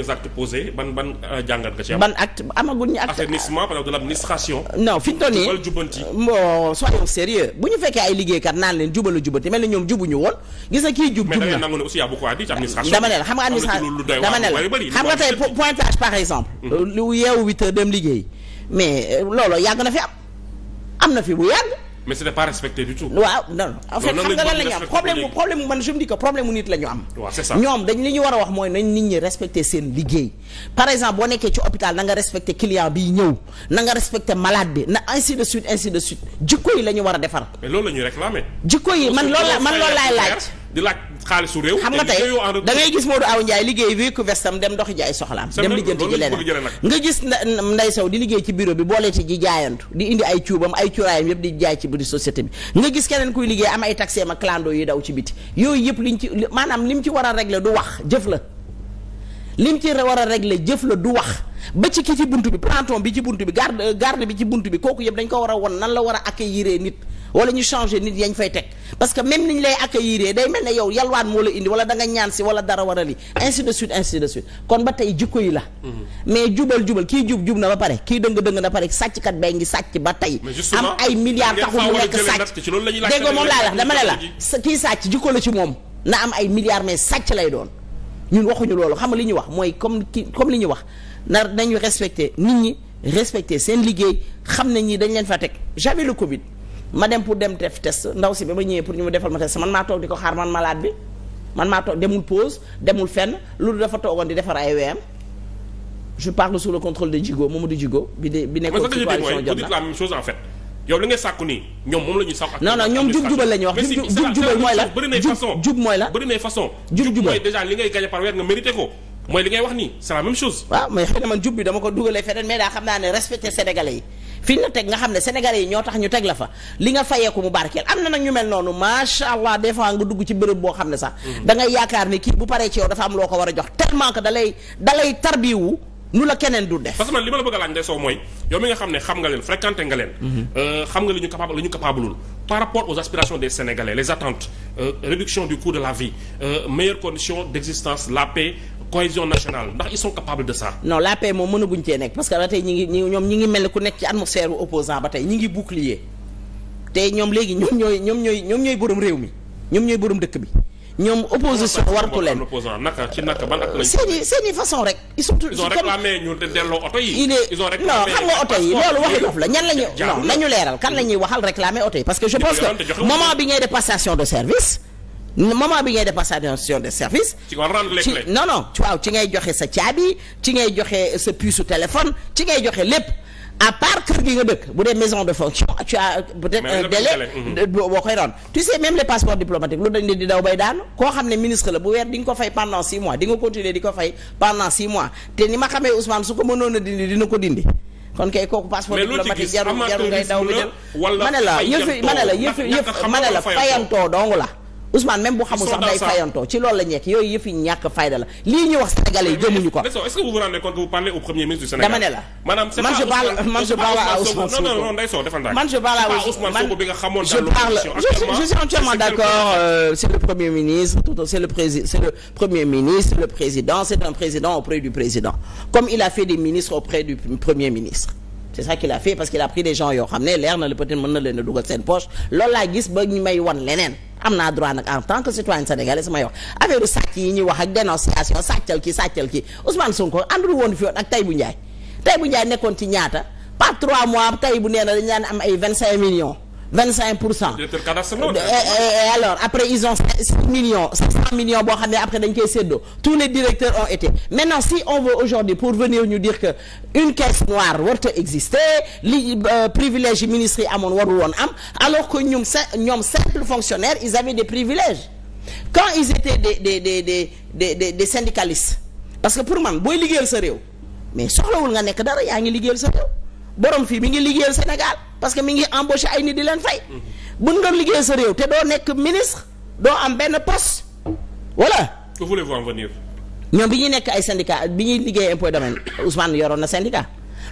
premiers actes posés ban ban euh, am. ban acte acte assainissement par nii jubal jubanti. bon sérieux bu ñu fekkee ay liggéeykat naan leen jubala jubanti mel na ñoom jubuñu woon gis nga kii jub. jub na a beaucoup à dama ne la xam nga administration dama ne la xam nga tey pointage par exemple. Mm-hmm. lu yeewu huit dem liggéey mais euh, loolu yàgg na fi am am na fi bu yàgg. mais c'était pas respecté du tout. waaw non en fait xam nga lan la ñu am problème mu problème mu man je me problème mu nit la am. ñoom dañ li ñu war a wax mooy nañ nit ñi respecté seen liggéey. par exemple boo nekkee ci hôpital na nga respecté client bi ñëw na nga respecté malade bi na ainsi de suite ainsi de suite jikko yi la war a defar. mais loolu la ñuy réclamer. jikko yi man loolu la man loolu laay laaj. di laaj xaalisu réew. xam nga tey da ngay gis Modou Aw Ndiaye liggéey bi ku vestam dem doxi ji ay soxlaam. dem lijjanti ji leneen nga gis Ndeye Sow di liggéey ci bureau bi booleeti ji jaayantu di indi ay cuubam ay cuuraayam yëpp di jaay ci biir société bi nga gis keneen kuy liggéey am ay taxi ma clando yi daw ci biti yooyu yëpp liñ ci maanaam li mu ci war a régler du wax jëf la lim ci war a régler jëf la du wax ba ci ki ci bunt bi planton bi ci bunt bi garde garde bi ci bunt bi kooku yëpp dañ ko war a won nan la war a accueillir nit wala ñu changer nit yañ fay teg parce que même ni ñu lay accueillir day mel ne yow yalwaan moo la indi wala da nga ñaan si wala dara war a li ainsi de suite ainsi de suite kon ba tey jikko yi la. Mm-hmm. mais jubal jubal kii jub jub na ba pare kii dëng dëng na ba pare sàcckat bee ngi sàcc ba tey. am ay milliards taxul mu nekk sàcc dégg moom laa wax dama ne la sàcc jikko la ci moom na am ay milliards mais sàcc lay doon ñun waxuñu loolu xam nga li ñu wax mooy comme ki comme li ñu wax na nañu respecté nit ñi respecté seen liggéey xam ne ñi dañ leen fa teg jamais le Covid ma dem pour dem def test ndaw si ba ma ñëwee pour ñu mu defal ma test man maa toog di ko xaar man malade bi man maa toog demul pause demul fenn loolu dafa toogoon di defar ay weem je parle sous le contrôle de Djigo Mamadou Djigo bi de bi nekkoon ci coalition Jotna la chose en fait yow li ngay sàkku nii ñoom moom la ñuy sàkku non non ñoom jub jubal la ñuy wax jub jubal mooy la bëri nay jub mooy la bëri li ngay wax nii c'est la même chose waaw mais xëy na man jub bi dama ko dugalee feneen mais daa naa ne respecté sénégalais yi fi ñu teg nga xam ne sénégalais yi ñoo tax ñu teg la fa li nga fayeeku mu barkeel am na nag ñu mel noonu macha allah des nga dugg ci béréb boo xam ne sax mhm. da yaakaar ne kii bu paree ci yow dafa am loo ko war a jox tellement que da tarbiwu nu la keneen du def. parce man li ma la bëgg laaj Ndeye Sow mooy yow mi nga xam ne xam nga leen fréquenté nga leen. Mhm. Euh, xam nga li capable li ñu par rapport aux aspirations des Sénégalais les attentes euh, cohésion nationale ndax ils sont capables de ça. non la paix moom mënaguñ cee nekk parce que ba tey ñi ngi ñoom ñi ngi mel ni ku nekk ci atmosphère opposant ba tey ñi ngi bouclier te ñoom léegi ñoom ñooy ñoom ñooy ñoom ñooy borom réew mi ñoom ñooy borom dëkk bi. ñoom opposition wartu leen naka ci naka ban ak seeni seeni façon rek. ils sont ils ont réclamé ñu delloo oto yi. ils ont réclamé xam nga oto yi loolu waxi dof ñan la leeral kan la waxal réclamer oto yi parce que je pense que moment moment bi ngay def passation de service. ci non non waaw ci ngay joxe sa caabi ci ngay joxe sa puce téléphone ci ngay joxe lépp. à part kër gi nga dëkk bu dee maison de fonction tu as peut-être boo koy rendre tu sais même les passeports diplomatiques lu dañ di daw bay daanu koo xam ne ministre la bu weer di nga ko fay pendant six mois di nga continuer di ko fay pendant six mois te ni ma xamee Ousmane su ko mënoon a dindi dina ko dindi kon kay kooku passeport diplomatique jarul jarul ngay daw bi la Ousmane même bu xamul sax day fayantoo ci loolu la ñu wax sénégalais yi gëmuñu ko. mais est-ce que vous vous rendez compte que vous parlez au premier ministre du Sénégal. dama man je parle à Ousmane Sonko bi nga xamoon je parle je suis entièrement d'accord euh, c'est le premier ministre c'est le président c'est un président auprès du président comme il a fait des ministres auprès du premier c'est ça qu'il a fait parce qu'il a pris des gens yoo xam ne leer na a dugal seen poche loolu laa am naa droit nag en tant que citoyen sénégalais samay wax affaire sàcc yi ñuy wax ak dénonciation sàccal ki sàccal ki Ousmane Sonko àndul woon fi woon ak Taïbu Ndiaye Taïbu Ndiaye nekkoon ci ñaata par 3 mois Taïbu nee na dañu daan am ay vingt 25 millions. vingt cinq pour cent alors après ils ont cinq millions millions boo xam ne après dañ koy séddoo tous les directeurs ont été maintenant si on veut aujourd'hui pour venir ñu dire que une caisse noire warta exister li euh, privilège yi ministres yi amoon warul woon am alors que ñoom ñoom simple fonctionnaire ils avaient des privilèges quand ils étaient des des des des des des, des syndicalistes parce que pour man booy liggéeyal sa réew mais soxlawul nga nekk dara yaa ngi liggéeyal sa réew borom fii mi ngi liggéeyal Sénégal parce que mi ngi embauché ay nit di leen fay. bu nga liggéeyal sa réew te doo nekk ministre doo am benn poste voilà. que voulez-vous ñoom bi ñuy nekk ay syndicat bi ñuy liggéey impôt domaine Ousmane yoroon na syndicat.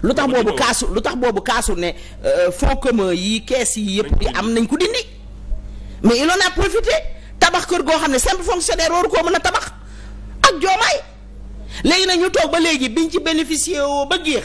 lu tax boobu kaasu lu tax boobu kaasu ne euh, fonds commun yi kees yi yëpp yi am nañ ko dindi. mais il en a profité tabax kër goo xam ne simple fonctionnaire waru koo mën a tabax ak joomaay léegi nag ñu toog ba léegi biñ ci bénéficier woo ba géex.